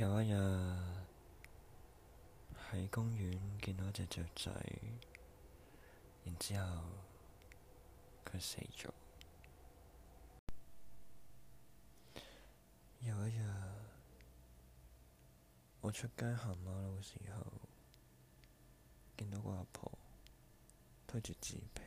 有一日喺公園見到隻雀仔，然之後佢死咗。有一日我出街行馬路嘅時候，見到個阿婆推住紙皮。